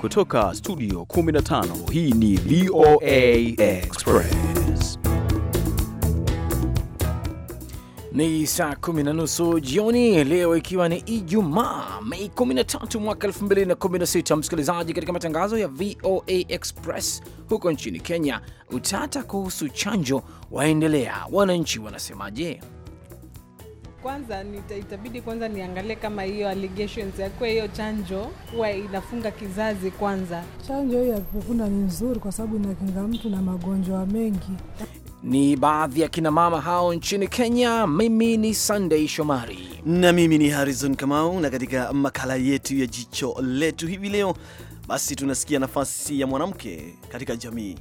Kutoka studio 15 hii ni VOA Express. Ni saa kumi na nusu jioni leo, ikiwa ni Ijumaa Mei 13 mwaka 2016. Msikilizaji, katika matangazo ya VOA Express huko nchini Kenya, utata kuhusu chanjo waendelea. Wananchi wanasemaje? Kwanza itabidi kwanza niangalie kama hiyo allegations ya kuwa hiyo chanjo huwa inafunga kizazi kwanza. Chanjo hiyo ya ni nzuri kwa sababu inakinga mtu na magonjwa mengi. Ni baadhi ya kinamama hao nchini Kenya. Mimi ni Sunday Shomari na mimi ni Harrison Kamau, na katika makala yetu ya jicho letu hivi leo, basi tunasikia nafasi ya mwanamke katika jamii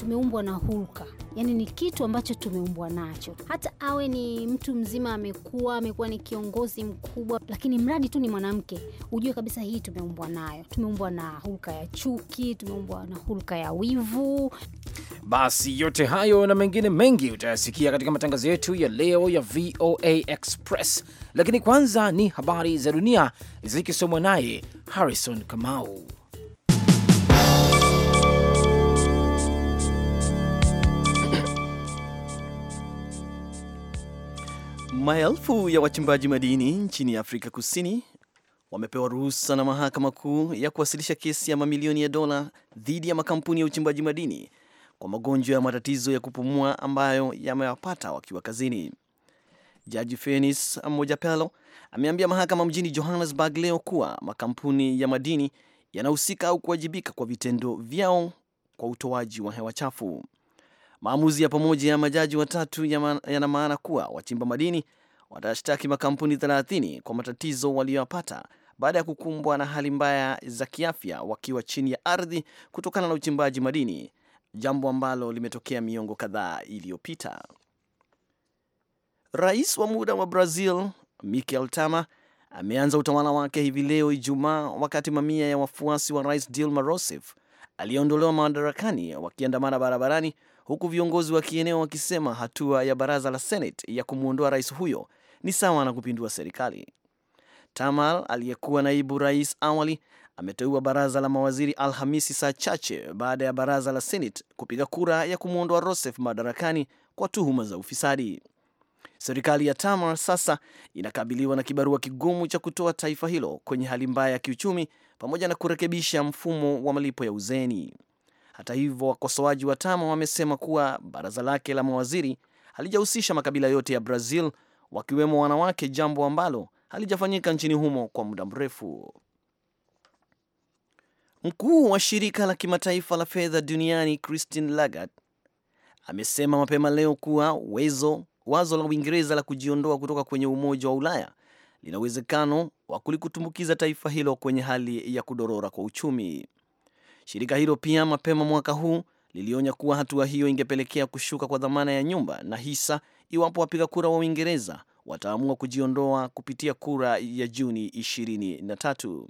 tumeumbwa na hulka, yaani ni kitu ambacho tumeumbwa nacho. Hata awe ni mtu mzima, amekuwa amekuwa ni kiongozi mkubwa, lakini mradi tu ni mwanamke, ujue kabisa hii tumeumbwa nayo. Tumeumbwa na hulka ya chuki, tumeumbwa na hulka ya wivu. Basi yote hayo na mengine mengi utayasikia katika matangazo yetu ya leo ya VOA Express, lakini kwanza ni habari za dunia zikisomwa naye Harrison Kamau. Maelfu ya wachimbaji madini nchini Afrika Kusini wamepewa ruhusa na mahakama kuu ya kuwasilisha kesi ya mamilioni ya dola dhidi ya makampuni ya uchimbaji madini kwa magonjwa ya matatizo ya kupumua ambayo yamewapata wakiwa kazini. Jaji Fenis Mojapelo ameambia mahakama mjini Johannesburg leo kuwa makampuni ya madini yanahusika au kuwajibika kwa vitendo vyao kwa utoaji wa hewa chafu. Maamuzi ya pamoja ya majaji watatu yana maana kuwa wachimba madini watashtaki makampuni 30 kwa matatizo waliyoyapata baada ya kukumbwa na hali mbaya za kiafya wakiwa chini ya ardhi kutokana na uchimbaji madini, jambo ambalo limetokea miongo kadhaa iliyopita. Rais wa muda wa Brazil Michel Temer ameanza utawala wake hivi leo Ijumaa, wakati mamia ya wafuasi wa Rais Dilma Rousseff aliyeondolewa madarakani wakiandamana barabarani huku viongozi wa kieneo wakisema hatua ya baraza la Senate ya kumwondoa rais huyo ni sawa na kupindua serikali. Tamal aliyekuwa naibu rais awali ameteua baraza la mawaziri Alhamisi, saa chache baada ya baraza la Senate kupiga kura ya kumwondoa Rossef madarakani kwa tuhuma za ufisadi. Serikali ya Tamar sasa inakabiliwa na kibarua kigumu cha kutoa taifa hilo kwenye hali mbaya ya kiuchumi pamoja na kurekebisha mfumo wa malipo ya uzeni. Hata hivyo, wakosoaji wa Tama wamesema kuwa baraza lake la mawaziri halijahusisha makabila yote ya Brazil wakiwemo wanawake, jambo ambalo halijafanyika nchini humo kwa muda mrefu. Mkuu wa shirika la kimataifa la fedha duniani Christine Lagarde amesema mapema leo kuwa wezo, wazo la Uingereza la kujiondoa kutoka kwenye Umoja wa Ulaya lina uwezekano wa kulikutumbukiza taifa hilo kwenye hali ya kudorora kwa uchumi. Shirika hilo pia mapema mwaka huu lilionya kuwa hatua hiyo ingepelekea kushuka kwa dhamana ya nyumba na hisa iwapo wapiga kura wa Uingereza wataamua kujiondoa kupitia kura ya Juni 23.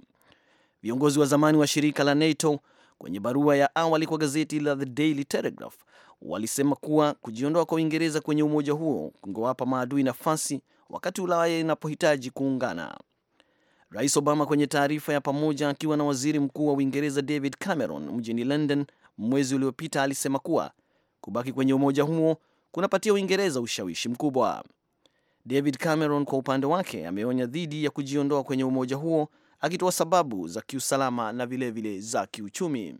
Viongozi wa zamani wa shirika la NATO kwenye barua ya awali kwa gazeti la The Daily Telegraph walisema kuwa kujiondoa kwa Uingereza kwenye umoja huo kungewapa maadui nafasi wakati Ulaya inapohitaji kuungana. Rais Obama kwenye taarifa ya pamoja akiwa na waziri mkuu wa Uingereza David Cameron mjini London mwezi uliopita alisema kuwa kubaki kwenye umoja huo kunapatia Uingereza ushawishi mkubwa. David Cameron kwa upande wake ameonya dhidi ya kujiondoa kwenye umoja huo akitoa sababu za kiusalama na vilevile vile za kiuchumi.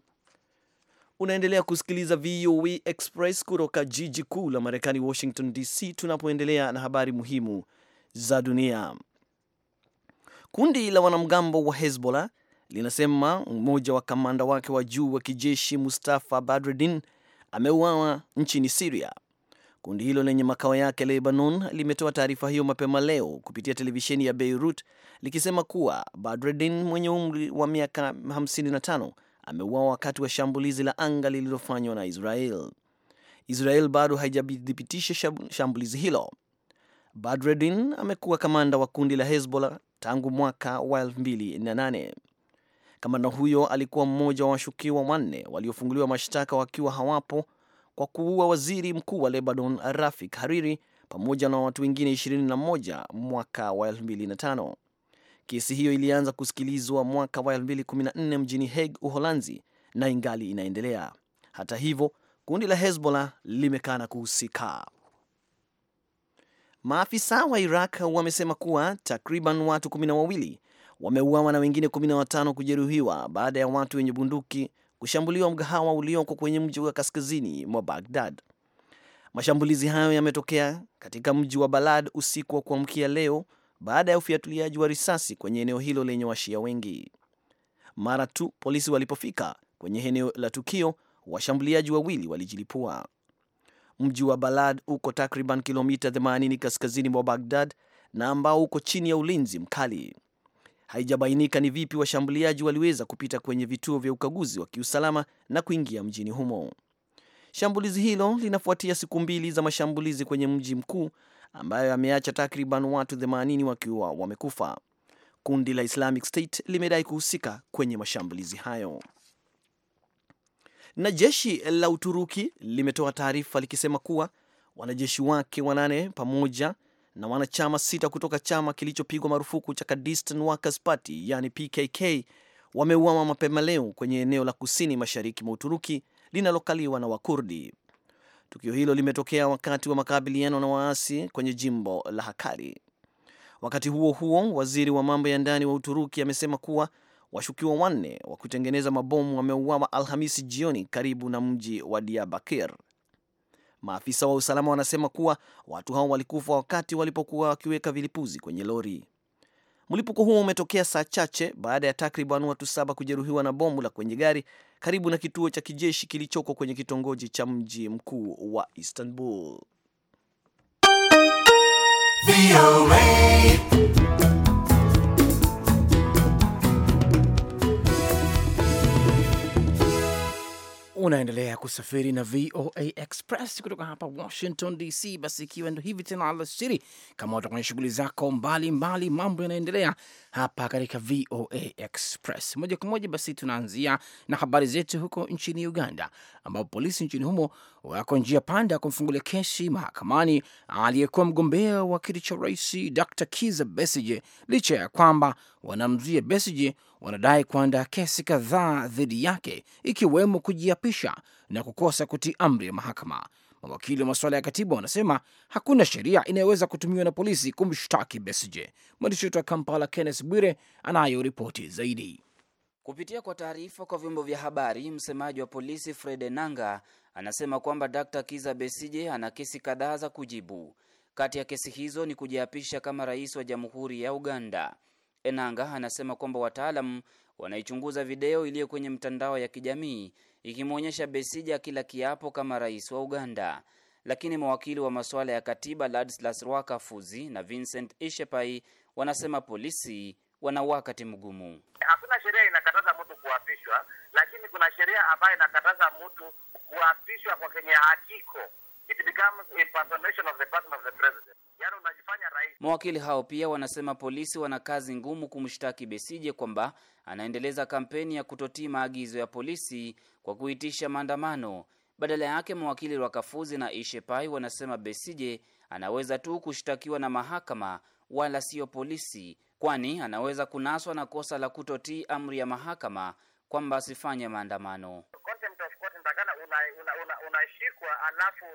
Unaendelea kusikiliza VOA e Express kutoka jiji kuu la Marekani, Washington DC, tunapoendelea na habari muhimu za dunia. Kundi la wanamgambo wa Hezbollah linasema mmoja wa kamanda wake wa juu wa kijeshi Mustafa Badreddin ameuawa nchini Siria. Kundi hilo lenye makao yake Lebanon limetoa taarifa hiyo mapema leo kupitia televisheni ya Beirut likisema kuwa Badreddin mwenye umri wa miaka 55 ameuawa wakati wa shambulizi la anga lililofanywa na Israel. Israel bado haijathibitisha shambulizi hilo. Badreddin amekuwa kamanda wa kundi la Hezbollah tangu mwaka wa 2008. Kamanda huyo alikuwa mmoja wa washukiwa wanne waliofunguliwa mashtaka wakiwa hawapo kwa kuua waziri mkuu wa Lebanon Rafik Hariri pamoja na watu wengine 21 mwaka wa 2005. Kesi hiyo ilianza kusikilizwa mwaka wa 2014 mjini Hague, Uholanzi na ingali inaendelea. Hata hivyo, kundi la Hezbollah limekana kuhusika. Maafisa wa Iraq wamesema kuwa takriban watu kumi na wawili wameuawa na wengine 15 kujeruhiwa baada ya watu wenye bunduki kushambuliwa mgahawa ulioko kwenye mji wa kaskazini mwa bagdad Mashambulizi hayo yametokea katika mji wa Balad usiku wa kuamkia leo baada ya ufiatuliaji wa risasi kwenye eneo hilo lenye washia wengi. Mara tu polisi walipofika kwenye eneo la tukio, washambuliaji wawili walijilipua. Mji wa Balad uko takriban kilomita 80 kaskazini mwa Bagdad na ambao uko chini ya ulinzi mkali. Haijabainika ni vipi washambuliaji waliweza kupita kwenye vituo vya ukaguzi wa kiusalama na kuingia mjini humo. Shambulizi hilo linafuatia siku mbili za mashambulizi kwenye mji mkuu ambayo yameacha takriban watu 80 wakiwa wamekufa. Kundi la Islamic State limedai kuhusika kwenye mashambulizi hayo. Na jeshi la Uturuki limetoa taarifa likisema kuwa wanajeshi wake wanane pamoja na wanachama sita kutoka chama kilichopigwa marufuku cha Kurdistan Workers Party yani PKK wameuawa mapema leo kwenye eneo la kusini mashariki mwa Uturuki linalokaliwa na Wakurdi. Tukio hilo limetokea wakati wa makabiliano na waasi kwenye jimbo la Hakari. Wakati huo huo, waziri wa mambo ya ndani wa Uturuki amesema kuwa Washukiwa wanne wa kutengeneza mabomu wameuawa Alhamisi jioni karibu na mji wa Diyarbakir. Maafisa wa usalama wanasema kuwa watu hao walikufa wakati walipokuwa wakiweka vilipuzi kwenye lori. Mlipuko huo umetokea saa chache baada ya takriban watu saba kujeruhiwa na bomu la kwenye gari karibu na kituo cha kijeshi kilichoko kwenye kitongoji cha mji mkuu wa Istanbul. Unaendelea kusafiri na VOA Express kutoka hapa Washington DC. Basi ikiwa ndo hivi tena alasiri, kama watu kwenye shughuli zako mbalimbali, mambo yanaendelea hapa katika VOA Express moja kwa moja. Basi tunaanzia na habari zetu huko nchini Uganda, ambapo polisi nchini humo wako njia panda kumfungulia kesi mahakamani aliyekuwa mgombea wa kiti cha rais Dr Kiza Besije, licha ya kwamba wanamzuia Besije wanadai kuandaa kesi kadhaa dhidi yake, ikiwemo kujiapisha na kukosa kutii amri ya mahakama. Mawakili wa masuala ya katiba wanasema hakuna sheria inayoweza kutumiwa na polisi kumshtaki Besije. Mwandishi wetu wa Kampala, Kenneth Bwire, anayo ripoti zaidi. Kupitia kwa taarifa kwa vyombo vya habari, msemaji wa polisi Fred Enanga anasema kwamba Dr. Kiza Besije ana kesi kadhaa za kujibu. Kati ya kesi hizo ni kujiapisha kama rais wa Jamhuri ya Uganda. Enanga anasema kwamba wataalam wanaichunguza video iliyo kwenye mtandao ya kijamii ikimwonyesha Besije akila kiapo kama rais wa Uganda. Lakini mawakili wa masuala ya katiba Ladislas Rwakafuzi na Vincent Ishepai wanasema polisi wana wakati mgumu. Hakuna sheria inakataza mtu kuapishwa, lakini kuna sheria ambayo inakataza mtu kuapishwa kwa kenye hakiko. It becomes impersonation of the person of the president. yaani unajifanya rais. Mawakili hao pia wanasema polisi wana kazi ngumu kumshtaki Besije kwamba anaendeleza kampeni ya kutotii maagizo ya polisi kwa kuitisha maandamano. Badala yake mawakili wa Kafuzi na Ishepai wanasema Besije anaweza tu kushtakiwa na mahakama wala sio polisi kwani anaweza kunaswa na kosa la kutotii amri ya mahakama kwamba asifanye maandamano. unashikwa alafu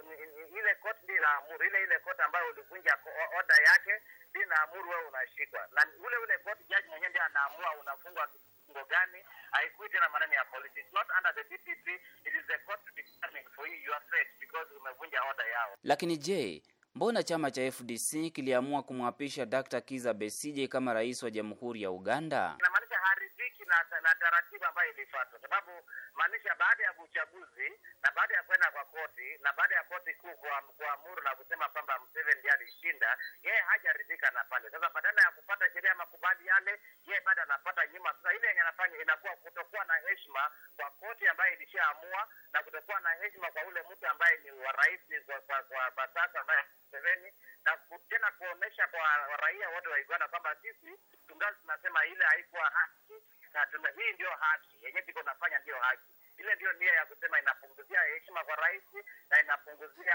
ile court ndio inaamuru ile ile koti ambayo ulivunja oda yake ndio inaamuru wewe unashikwa, na ule ule koti jaji mwenyewe ndio anaamua unafungwa kifungo gani. Haikuwi tena maneno ya polisi, it's not under the DPP, it is the court determining for you you are fate because umevunja oda yao. Lakini je, Mbona chama cha FDC kiliamua kumwapisha Dr. Kiza Besije kama rais wa Jamhuri ya Uganda? Inamaanisha haridhiki na, na taratibu ambayo ilifuatwa, sababu maanisha baada ya uchaguzi na baada ya kwenda kwa koti na baada ya koti kuu kuamuru na kusema kwamba Museveni ndiye alishinda, yeye hajaridhika na pale. Sasa badala ya kupata sheria makubali yale, yeye bado anapata nyuma. Sasa ile yenye anafanya inakuwa kutokuwa na heshima kwa koti ambayo ilishaamua na kutokuwa na heshima kwa ule mtu ambaye ni wa rais kwa, kwa, kwa, kwa sasa kwa raia wote wa Uganda kwamba sisi tungali tunasema ile haikuwa haki na tuna, hii ndio haki yenye tiko nafanya ndio haki ile ndio nia ya kusema inapunguzia heshima kwa rais na inapunguzia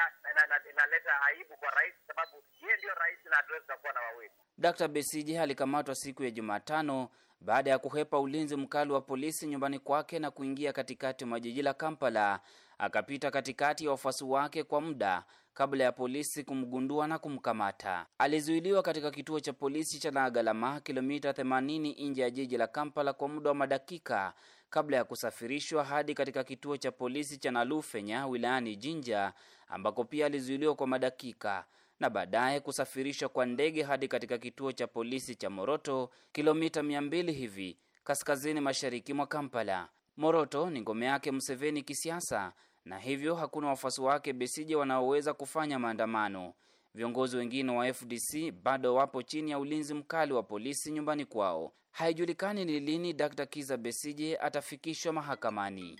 inaleta aibu kwa rais, sababu yeye ndio rais na hatuwezi kuwa na wawili. Dr. Besije alikamatwa siku ya Jumatano baada ya kuhepa ulinzi mkali wa polisi nyumbani kwake na kuingia katikati mwa jiji la Kampala akapita katikati ya wafuasi wake kwa muda kabla ya polisi kumgundua na kumkamata. Alizuiliwa katika kituo cha polisi cha Nagalama, kilomita 80 nje ya jiji la Kampala kwa muda wa madakika kabla ya kusafirishwa hadi katika kituo cha polisi cha Nalufenya wilayani Jinja, ambako pia alizuiliwa kwa madakika na baadaye kusafirishwa kwa ndege hadi katika kituo cha polisi cha Moroto, kilomita 200 hivi kaskazini mashariki mwa Kampala. Moroto ni ngome yake Museveni kisiasa na hivyo hakuna wafuasi wake Besije wanaoweza kufanya maandamano. Viongozi wengine wa FDC bado wapo chini ya ulinzi mkali wa polisi nyumbani kwao. Haijulikani ni lini Dr. Kiza Besije atafikishwa mahakamani.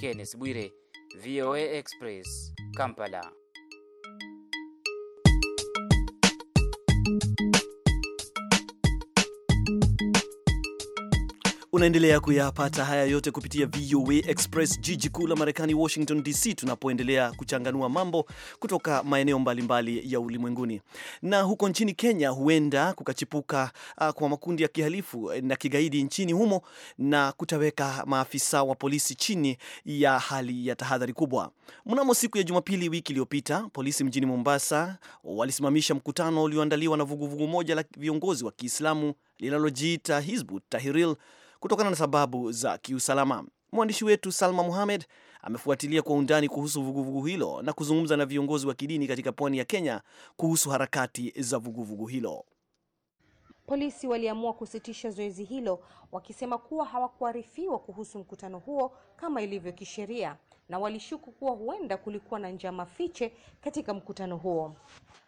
Kenneth Bwire, VOA Express, Kampala. Unaendelea kuyapata haya yote kupitia VOA Express, jiji kuu la Marekani, Washington DC, tunapoendelea kuchanganua mambo kutoka maeneo mbalimbali mbali ya ulimwenguni. Na huko nchini Kenya, huenda kukachipuka uh, kwa makundi ya kihalifu eh, na kigaidi nchini humo na kutaweka maafisa wa polisi chini ya hali ya tahadhari kubwa. Mnamo siku ya Jumapili wiki iliyopita, polisi mjini Mombasa walisimamisha mkutano ulioandaliwa na vuguvugu moja la viongozi wa Kiislamu linalojiita Hizbu Tahiril kutokana na sababu za kiusalama. Mwandishi wetu Salma Muhamed amefuatilia kwa undani kuhusu vuguvugu hilo na kuzungumza na viongozi wa kidini katika pwani ya Kenya kuhusu harakati za vuguvugu hilo. Polisi waliamua kusitisha zoezi hilo wakisema kuwa hawakuarifiwa kuhusu mkutano huo kama ilivyo kisheria, na walishuku kuwa huenda kulikuwa na njama fiche katika mkutano huo.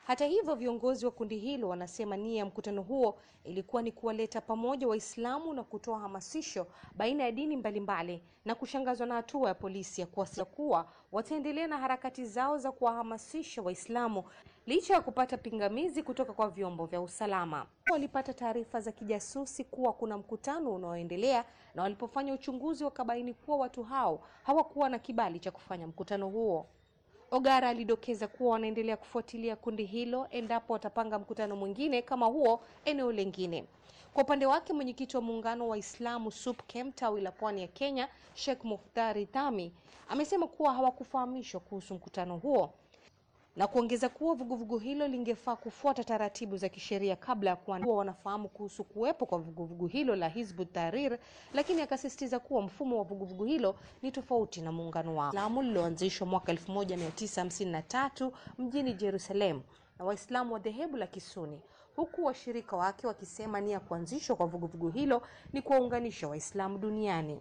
Hata hivyo, viongozi wa kundi hilo wanasema nia ya mkutano huo ilikuwa ni kuwaleta pamoja Waislamu na kutoa hamasisho baina ya dini mbalimbali, na kushangazwa na hatua ya polisi ya kuwasa kuwa wataendelea na harakati zao za kuwahamasisha Waislamu licha ya kupata pingamizi kutoka kwa vyombo vya usalama. Walipata taarifa za kijasusi kuwa kuna mkutano unaoendelea, na walipofanya uchunguzi wakabaini kuwa watu hao hawakuwa na kibali cha kufanya mkutano huo. Ogara alidokeza kuwa wanaendelea kufuatilia kundi hilo endapo watapanga mkutano mwingine kama huo eneo lingine. Kwa upande wake, mwenyekiti wa muungano wa Islamu SUPKEM tawi la pwani ya Kenya, Sheikh Muhtari Tami, amesema kuwa hawakufahamishwa kuhusu mkutano huo na kuongeza kuwa vuguvugu hilo lingefaa kufuata taratibu za kisheria kabla ya kuwa wanafahamu kuhusu kuwepo kwa vuguvugu hilo la Hizbut Tahrir, lakini akasisitiza kuwa mfumo wa vuguvugu hilo ni tofauti na muungano wao Islamu lililoanzishwa mwaka 1953 mjini Jerusalem na Waislamu wa dhehebu la Kisuni, huku washirika wake wakisema nia ya kuanzishwa kwa vuguvugu hilo ni kuwaunganisha Waislamu duniani.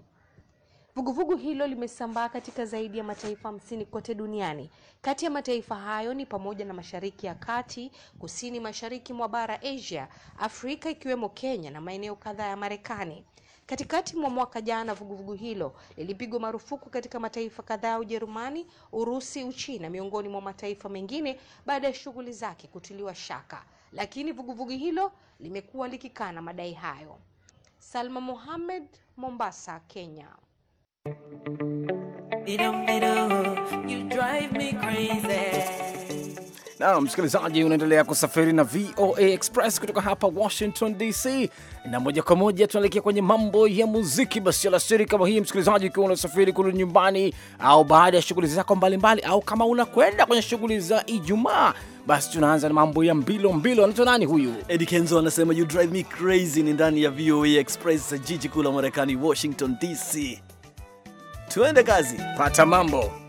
Vuguvugu hilo limesambaa katika zaidi ya mataifa hamsini kote duniani. Kati ya mataifa hayo ni pamoja na Mashariki ya Kati, Kusini Mashariki mwa bara Asia, Afrika ikiwemo Kenya na maeneo kadhaa ya Marekani. Katikati mwa mwaka jana vuguvugu hilo lilipigwa marufuku katika mataifa kadhaa ya Ujerumani, Urusi, Uchina miongoni mwa mataifa mengine baada ya shughuli zake kutiliwa shaka. Lakini vuguvugu hilo limekuwa likikana madai hayo. Salma Mohamed, Mombasa, Kenya msikilizaji, unaendelea kusafiri na VOA Express kutoka hapa Washington DC, na moja kwa moja tunaelekea kwenye mambo ya muziki. Basi alasiri kama hii, msikilizaji, ukiwa unasafiri kurudi nyumbani au baada ya shughuli zako mbalimbali, au kama unakwenda kwenye shughuli za Ijumaa, basi tunaanza na mambo ya mbilo mbilo. Anaitwa nani huyu? Eddie Kenzo anasema you drive me crazy, ni ndani ya VOA Express, jiji kuu la Marekani, Washington DC. Tuende kazi, pata mambo.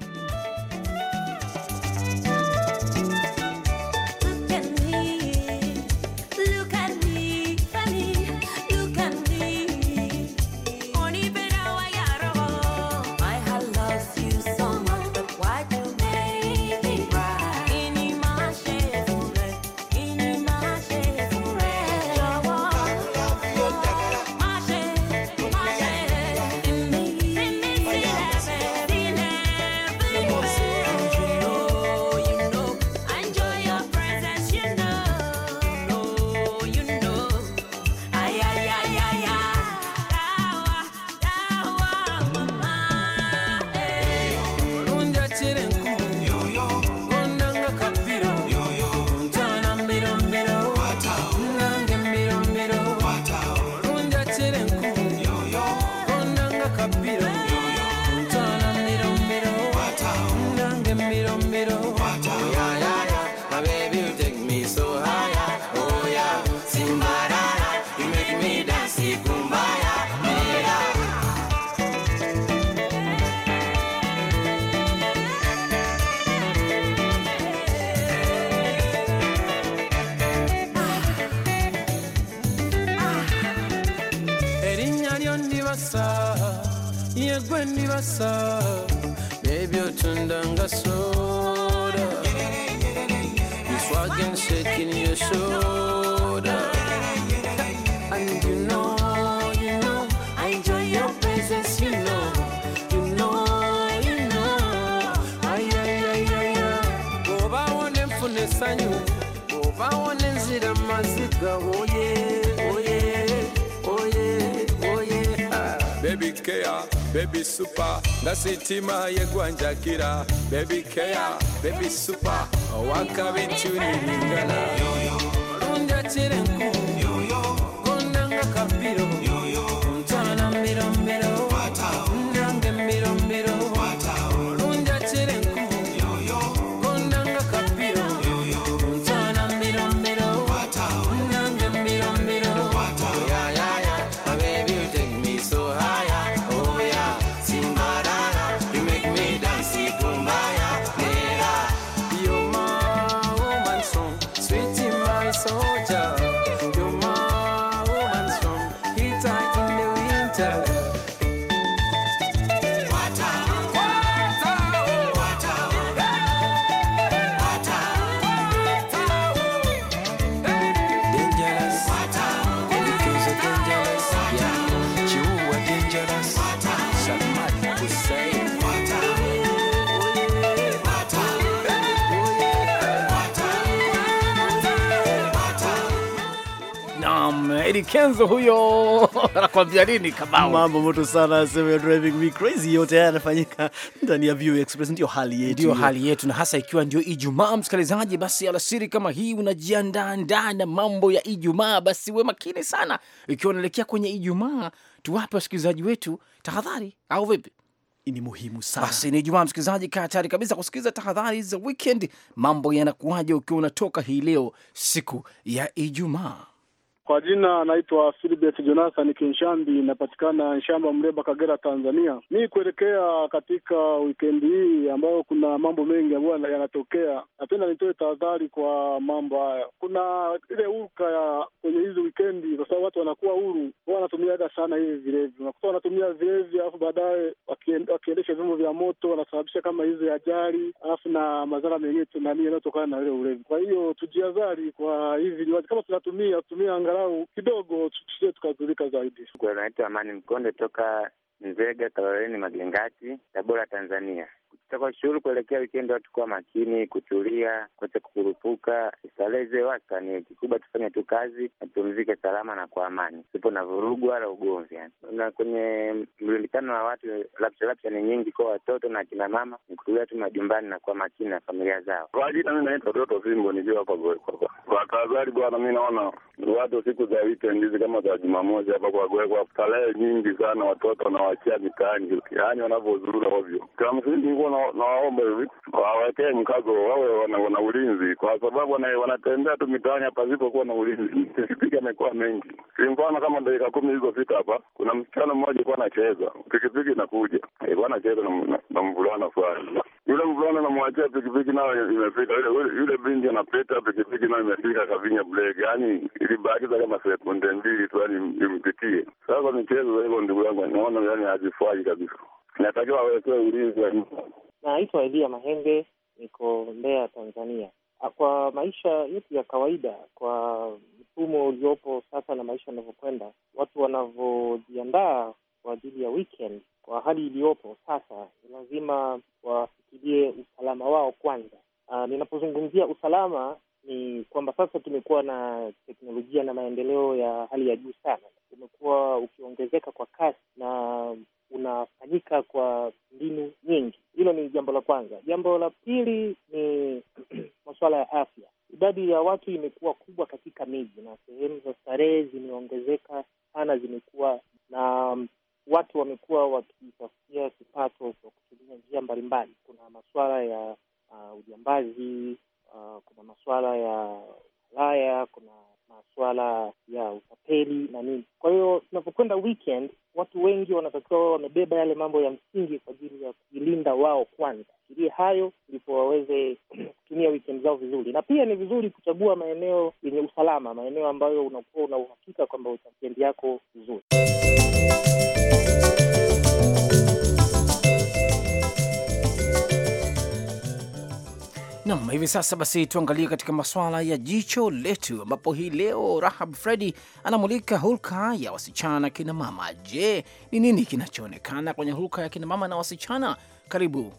Baby inzira amazigaho oye oye oye oye baby care baby super ndasitima yegwanjakira baby care baby super wakabintu nilingana Kenzo huyo anakuambia nini? Kama mambo moto sana, sema driving me crazy. Yote haya yanafanyika ndani ya View Express, ndio hali yetu, ndio hali yetu, na hasa ikiwa ndio Ijumaa, msikilizaji, basi alasiri kama hii unajiandaa na mambo ya Ijumaa, basi we makini sana, ikiwa unaelekea kwenye Ijumaa, tuwape wasikilizaji wetu tahadhari, au vipi? Ni muhimu sana basi. Ni Jumaa, msikilizaji, kaa tayari kabisa kusikiliza tahadhari za weekend. Mambo yanakuwaje ukiwa unatoka hii leo siku ya Ijumaa? Kwa jina anaitwa Philibert Jonathan Kinshambi, inapatikana Nshamba, Mreba, Kagera, Tanzania. Mi kuelekea katika wikendi hii ambayo kuna mambo mengi ambayo yanatokea, napenda nitoe tahadhari kwa mambo haya. Kuna ile uka ya kwenye hizi wikendi, kwa sababu watu wanakuwa huru, wanatumiaga sana hivi vilevi, unakuta wanatumia vilevi alafu baadaye wakiendesha vyombo vya moto wanasababisha kama hizi ajali, alafu na madhara mengine yanayotokana na ile ulevi. Kwa hiyo tujihadhari kwa hivi vinywaji, kama tunatumia tutumia angalau kidogo tusije tukazulika zaidi. Naitwa Amani Mkonde toka Nzega Kaloleni Magengati, Tabora, Tanzania. Tutakushauri kuelekea wikendi, watu kuwa makini, kutulia, kuacha kukurupuka, starehe ni Kikubwa tufanye tu kazi na tupumzike salama na kwa amani, sipo na vurugu wala ugomvi. Na kwenye mrundikano wa watu, rapsha rapsha ni nyingi kwa watoto na akina mama, ni kutulia tu majumbani na kuwa makini na familia zao. Kwa jina mi naitwa Doto Simbo, nikiwa hapa kwa tahadhari. Bwana, mi naona watu siku za wikendi hizi kama za Jumamosi hapa kwa Goegwa, starehe nyingi sana watoto wanawachia mitaani, yaani wanavyozurura ovyo. Kwa msingi huko na nawaomba hivi wawekee mkazo, wawe wana, wana ulinzi, kwa sababu wanatembea tu mitaani pasipokuwa na ulinzi. Pikipiki amekuwa mengi, si mfano kama dakika kumi ilizopita hapa kuna msichana mmoja alikuwa anacheza pikipiki, inakuja alikuwa anacheza na mvulana fulani yule mvulana namwachia pikipiki nayo imefika. Yule yule binti anapita pikipiki nayo imefika, kavinya breki, yaani ilibakiza kama sekunde mbili tu, yani impitie. Sasa michezo hivyo, ndugu yangu, naona yani hazifai kabisa, natakiwa awekewe ulinzi. Naitwa Elia Mahenge, niko Mbeya, Tanzania. Ah, kwa maisha yetu ya kawaida, kwa mfumo uliopo sasa na maisha yanavyokwenda, watu wanavyojiandaa kwa ajili ya weekend, kwa hali iliyopo sasa, ni lazima wafikirie usalama wao kwanza. Ah, ninapozungumzia usalama ni kwamba sasa tumekuwa na teknolojia na maendeleo ya hali ya juu sana, umekuwa ukiongezeka kwa kasi na unafanyika kwa mbinu nyingi. Hilo ni jambo la kwanza. Jambo la pili ni masuala ya afya. Idadi ya watu imekuwa kubwa katika miji na sehemu za starehe zimeongezeka sana, zimekuwa na um, watu wamekuwa wakitafutia kipato kwa kutumia njia mbalimbali. Kuna masuala ya uh, ujambazi uh, kuna masuala ya ulaya, kuna masuala uh, ya utapeli na nini. Kwa hiyo tunapokwenda weekend, watu wengi wanatakiwa wamebeba yale mambo ya msingi kwa ajili ya kujilinda wao kwanza, fikirie hayo ndipo waweze kutumia weekend zao vizuri. Na pia ni vizuri kuchagua maeneo yenye usalama, maeneo ambayo unakuwa una uhakika kwamba weekend yako vizuri Nam, hivi sasa basi tuangalie katika masuala ya jicho letu, ambapo hii leo Rahab Fredi anamulika hulka ya wasichana na kina mama. Je, ni nini kinachoonekana kwenye hulka ya kina mama na wasichana? Karibu.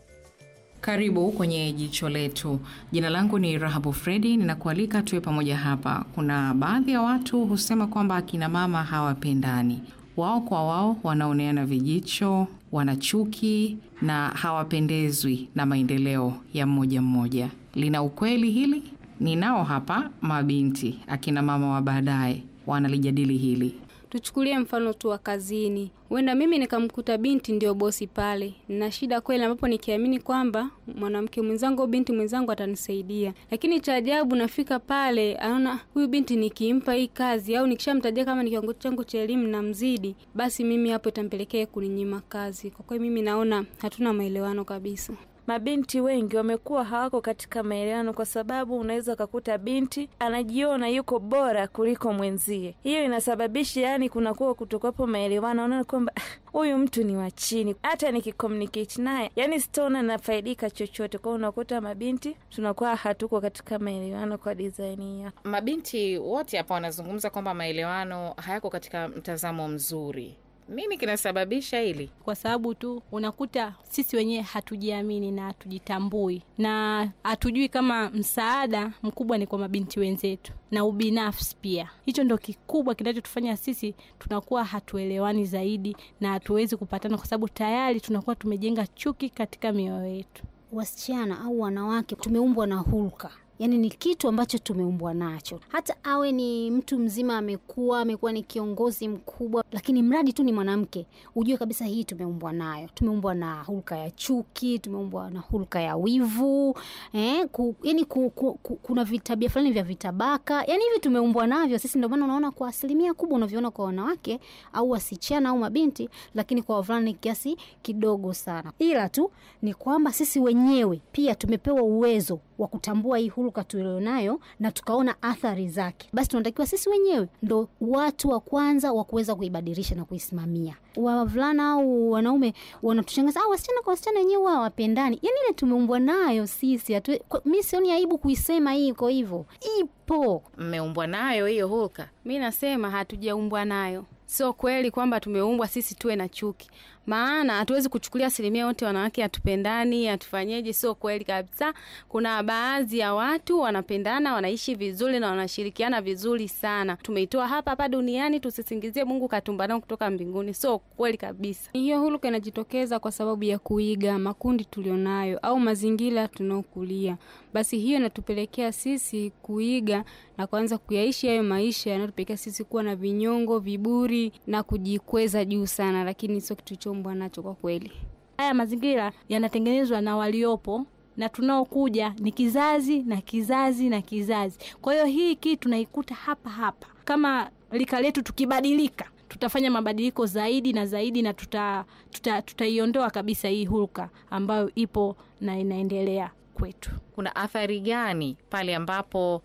Karibu kwenye jicho letu. Jina langu ni Rahabu Fredi, ninakualika tuwe pamoja hapa. Kuna baadhi ya watu husema kwamba akina mama hawapendani, wao kwa wao wanaoneana vijicho, wana chuki na hawapendezwi na maendeleo ya mmoja mmoja. Lina ukweli hili? Ninao hapa mabinti akina mama wa baadaye wanalijadili hili. Tuchukulie mfano tu wa kazini, huenda mimi nikamkuta binti ndio bosi pale na shida kweli, ambapo nikiamini kwamba mwanamke mwenzangu au binti mwenzangu atanisaidia, lakini cha ajabu nafika pale, anaona huyu binti nikimpa hii kazi au nikishamtajia kama ni kiwango changu cha elimu na mzidi, basi mimi hapo itampelekea kuninyima kazi. Kwa kweli mimi naona hatuna maelewano kabisa mabinti wengi wamekuwa hawako katika maelewano, kwa sababu unaweza ukakuta binti anajiona yuko bora kuliko mwenzie. Hiyo inasababisha yani kunakuwa kutokapo maelewano, unaona kwamba huyu mtu ni wa chini, hata nikicommunicate naye yani sitaona nafaidika chochote kwao. Unakuta mabinti tunakuwa hatuko katika maelewano kwa design ya mabinti. Wote hapa wanazungumza kwamba maelewano hayako katika mtazamo mzuri. Nini kinasababisha hili? Kwa sababu tu unakuta sisi wenyewe hatujiamini na hatujitambui na hatujui kama msaada mkubwa ni kwa mabinti wenzetu na ubinafsi pia. Hicho ndo kikubwa kinachotufanya sisi tunakuwa hatuelewani zaidi na hatuwezi kupatana, kwa sababu tayari tunakuwa tumejenga chuki katika mioyo yetu. Wasichana au wanawake tumeumbwa na hulka yani ni kitu ambacho tumeumbwa nacho. Hata awe ni mtu mzima, amekuwa amekuwa ni kiongozi mkubwa, lakini mradi tu ni mwanamke, ujue kabisa hii tumeumbwa nayo. Tumeumbwa na hulka ya chuki, tumeumbwa na hulka ya wivu eh, ku, yani ku, ku, ku, kuna vitabia fulani vya vitabaka, yani hivi tumeumbwa navyo sisi. Ndio maana unaona kwa asilimia kubwa unavyoona kwa wanawake au wasichana au mabinti, lakini kwa wavulana kiasi kidogo sana, ila tu ni kwamba sisi wenyewe pia tumepewa uwezo wa kutambua hii hulka tulio tulionayo na tukaona athari zake, basi tunatakiwa sisi wenyewe ndo watu wa kwanza wa kuweza kuibadilisha na kuisimamia. Wavulana au wanaume wanatushangaza, ah, wasichana kwa wasichana wenyewe wao wapendani. Yani ile tumeumbwa nayo sisi. Mi sioni aibu kuisema hii, iko hivyo ipo po, mmeumbwa nayo hiyo hulka? Mi nasema hatujaumbwa nayo. Sio kweli kwamba tumeumbwa sisi tuwe na chuki, maana hatuwezi kuchukulia asilimia wote wanawake hatupendani, hatufanyeje. Sio kweli kabisa. Kuna baadhi ya watu wanapendana, wanaishi vizuri na wanashirikiana vizuri sana. Tumeitoa hapa hapa duniani, tusisingizie Mungu katumba nao kutoka mbinguni. Sio kweli kabisa. Hiyo huluka inajitokeza kwa sababu ya kuiga makundi tulionayo au mazingira tunaokulia basi hiyo inatupelekea sisi kuiga na kuanza kuyaishi hayo maisha yanayotupelekea sisi kuwa na vinyongo, viburi na kujikweza juu sana, lakini sio kitu chombwa nacho kwa kweli. Haya mazingira yanatengenezwa na waliopo na tunaokuja ni kizazi na kizazi na kizazi. Kwa hiyo hii kitu tunaikuta hapa hapa. Kama lika letu tukibadilika, tutafanya mabadiliko zaidi na zaidi, na tutaiondoa tuta, tuta kabisa hii hulka ambayo ipo na inaendelea kwetu? Kuna athari gani pale ambapo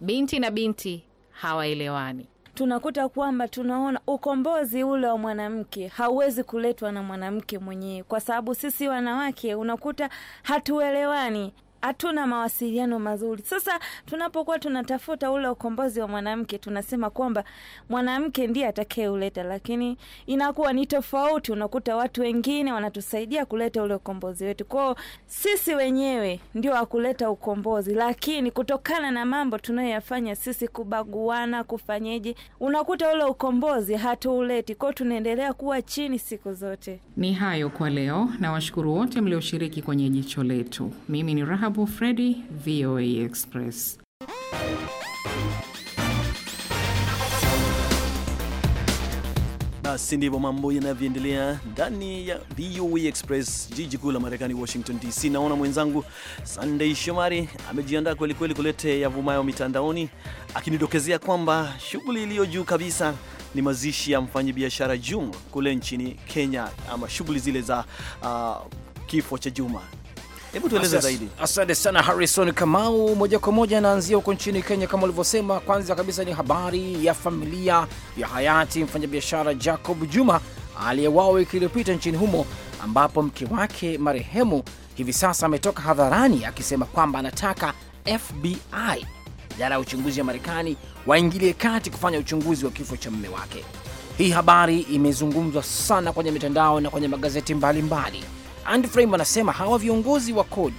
binti na binti hawaelewani? Tunakuta kwamba tunaona ukombozi ule wa mwanamke hauwezi kuletwa na mwanamke mwenyewe, kwa sababu sisi wanawake unakuta hatuelewani hatuna mawasiliano mazuri. Sasa tunapokuwa tunatafuta ule ukombozi wa mwanamke, tunasema kwamba mwanamke ndiye atakayeuleta, lakini inakuwa ni tofauti. Unakuta watu wengine wanatusaidia kuleta ule ukombozi wetu. Kwao sisi wenyewe ndio wakuleta ukombozi, lakini kutokana na mambo tunayoyafanya sisi, kubaguana, kufanyeje, unakuta ule ukombozi hatuuleti. Kwao tunaendelea kuwa chini siku zote. Ni hayo kwa leo, na washukuru wote mlioshiriki kwenye jicho letu. Mimi ni Rahab Rahabu Freddy, VOA Express. Basi ndivyo mambo yanavyoendelea ndani ya VOA Express, jiji kuu la Marekani, Washington DC. Naona mwenzangu Sunday Shomari amejiandaa kwelikweli kulete yavumayo mitandaoni, akinidokezea kwamba shughuli iliyo juu kabisa ni mazishi ya mfanyabiashara Juma kule nchini Kenya, ama shughuli zile za uh, kifo cha Juma. Hebu tueleze zaidi. Asante sana Harrison Kamau. Moja kwa moja anaanzia huko nchini Kenya, kama ulivyosema. Kwanza kabisa ni habari ya familia ya hayati mfanyabiashara Jacob Juma aliyewao wiki iliyopita nchini humo, ambapo mke wake marehemu hivi sasa ametoka hadharani akisema kwamba anataka FBI, idara ya uchunguzi ya Marekani, waingilie kati kufanya uchunguzi wa kifo cha mume wake. Hii habari imezungumzwa sana kwenye mitandao na kwenye magazeti mbalimbali mbali. Andframe wanasema hawa viongozi wa CORD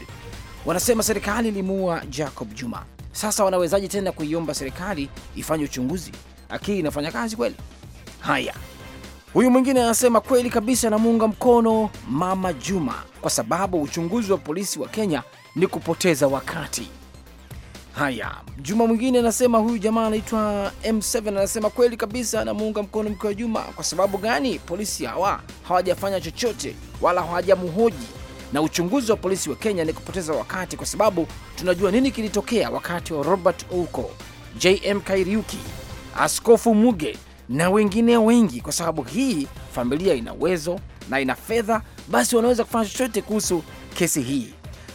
wanasema serikali ilimuua Jacob Juma. Sasa wanawezaje tena kuiomba serikali ifanye uchunguzi? Akili inafanya kazi kweli? Haya, huyu mwingine anasema kweli kabisa, anamuunga mkono Mama Juma kwa sababu uchunguzi wa polisi wa Kenya ni kupoteza wakati. Haya, Juma mwingine anasema, huyu jamaa anaitwa M7 anasema kweli kabisa, anamuunga mkono mke wa Juma. Kwa sababu gani? Polisi hawa hawajafanya chochote wala hawajamhoji, na uchunguzi wa polisi wa Kenya ni kupoteza wakati, kwa sababu tunajua nini kilitokea wakati wa Robert Ouko, JM Kairiuki, Askofu Muge na wengine wengi. Kwa sababu hii familia ina uwezo na ina fedha, basi wanaweza kufanya chochote kuhusu kesi hii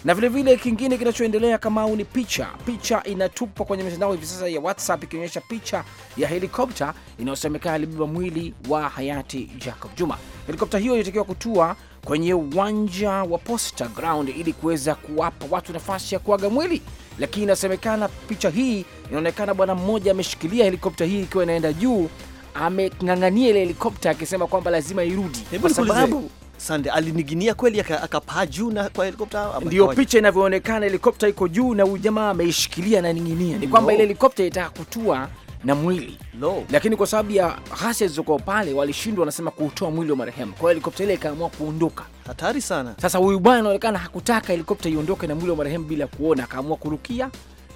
na vilevile vile kingine kinachoendelea kama au ni picha. Picha inatupwa kwenye mitandao hivi sasa ya WhatsApp ikionyesha picha ya helikopta inayosemekana ilibeba mwili wa hayati Jacob Juma. Helikopta hiyo ilitakiwa kutua kwenye uwanja wa Posta Ground ili kuweza kuwapa watu nafasi ya kuaga mwili, lakini inasemekana picha hii inaonekana bwana mmoja ameshikilia helikopta hii ikiwa inaenda juu, ameng'ang'ania ile helikopta akisema kwamba lazima irudi kwa sababu Sande aliniginia kweli, akapaa juu na kwa helikopta. Ndio picha inavyoonekana, helikopta iko juu na huyu jamaa ameishikilia na ninginia. Ni kwamba ile helikopta itaka kutua na mwili no. Lakini kwa sababu ya ghasia zilizokuwa pale walishindwa, wanasema kuutoa mwili wa marehemu. Kwa hiyo helikopta ile ikaamua kuondoka. Hatari sana. Sasa huyu bwana anaonekana hakutaka helikopta iondoke na mwili wa marehemu bila kuona, akaamua kurukia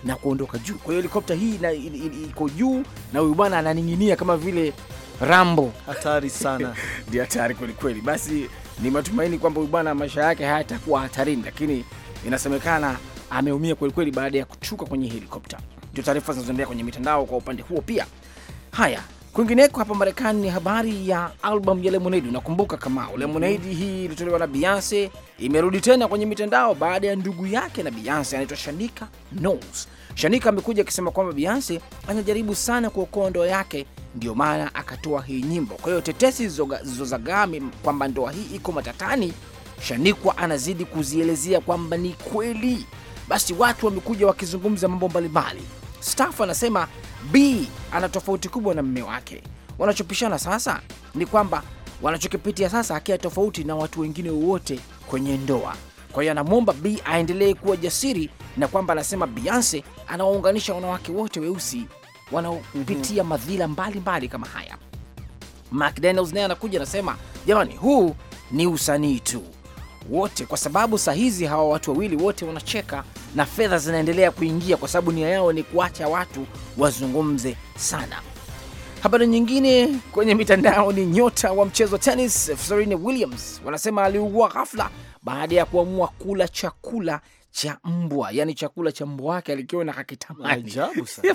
na kuondoka juu. Kwa hiyo helikopta hii iko juu na huyu bwana ananing'inia kama vile Rambo. Hatari sana. Ndio hatari kwelikweli. Basi ni matumaini kwamba huyu bwana maisha yake hayatakuwa hatarini, lakini inasemekana ameumia kwelikweli baada ya kuchuka kwenye helikopta. Ndio taarifa zinazoendelea kwenye mitandao kwa upande huo pia. Haya, kwingineko hapa Marekani ni habari ya album ya Lemonade. Unakumbuka kama Lemonade mm-hmm. hii ilitolewa na Beyonce, imerudi tena kwenye mitandao baada ya ndugu yake na Beyonce, anaitwa Shanika Knowles. Shanika amekuja akisema kwamba Beyonce anajaribu sana kuokoa ndoa yake ndio maana akatoa hii nyimbo. Kwa hiyo tetesi zilizozagaa kwamba ndoa hii iko matatani, Shanikwa anazidi kuzielezea kwamba ni kweli. Basi watu wamekuja wakizungumza mambo mbalimbali. Staff anasema B ana tofauti kubwa na mme wake. Wanachopishana sasa ni kwamba wanachokipitia sasa hakia tofauti na watu wengine wowote kwenye ndoa. Kwa hiyo anamwomba B aendelee kuwa jasiri, na kwamba anasema Beyonce anawaunganisha wanawake wote weusi wanaopitia mm -hmm. madhila mbalimbali kama haya. McDaniels naye anakuja anasema, jamani, huu ni usanii tu wote, kwa sababu saa hizi hawa watu wawili wote wanacheka na fedha zinaendelea kuingia, kwa sababu nia yao ni kuacha watu wazungumze sana. Habari nyingine kwenye mitandao ni nyota wa mchezo wa tenis Serena Williams wanasema aliugua ghafla baada ya kuamua kula chakula cha mbwa, yani chakula cha mbwa wake alikiwa na kakitamani.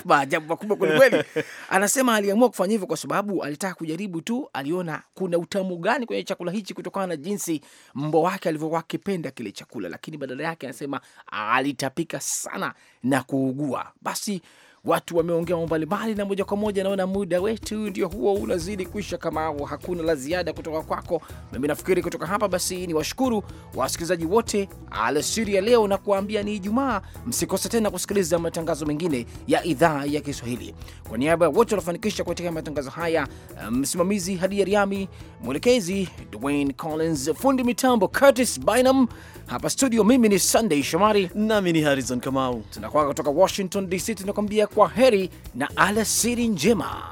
Maajabu makubwa kwelikweli. Anasema aliamua kufanya hivyo kwa sababu alitaka kujaribu tu, aliona kuna utamu gani kwenye chakula hichi, kutokana na jinsi mbwa wake alivyokuwa akipenda kile chakula. Lakini badala yake anasema alitapika sana na kuugua. Basi watu wameongea mbalimbali, na moja kwa moja naona muda wetu ndio huo unazidi kuisha. Kama hakuna la ziada kutoka kwako, mimi nafikiri kutoka hapa basi ni washukuru wasikilizaji wote alasiri ya leo na kuambia ni Ijumaa, msikose tena kusikiliza matangazo mengine ya idhaa ya Kiswahili. Kwa niaba ya wote waliofanikisha kuatika matangazo haya, msimamizi um, Hadia Riami, mwelekezi Dwayne Collins, fundi mitambo Curtis Bynum, hapa studio mimi ni Sunday Shomari nami ni Harrison Kamau, tunakwaga kutoka Washington DC, tunakwambia kwa heri na alasiri njema.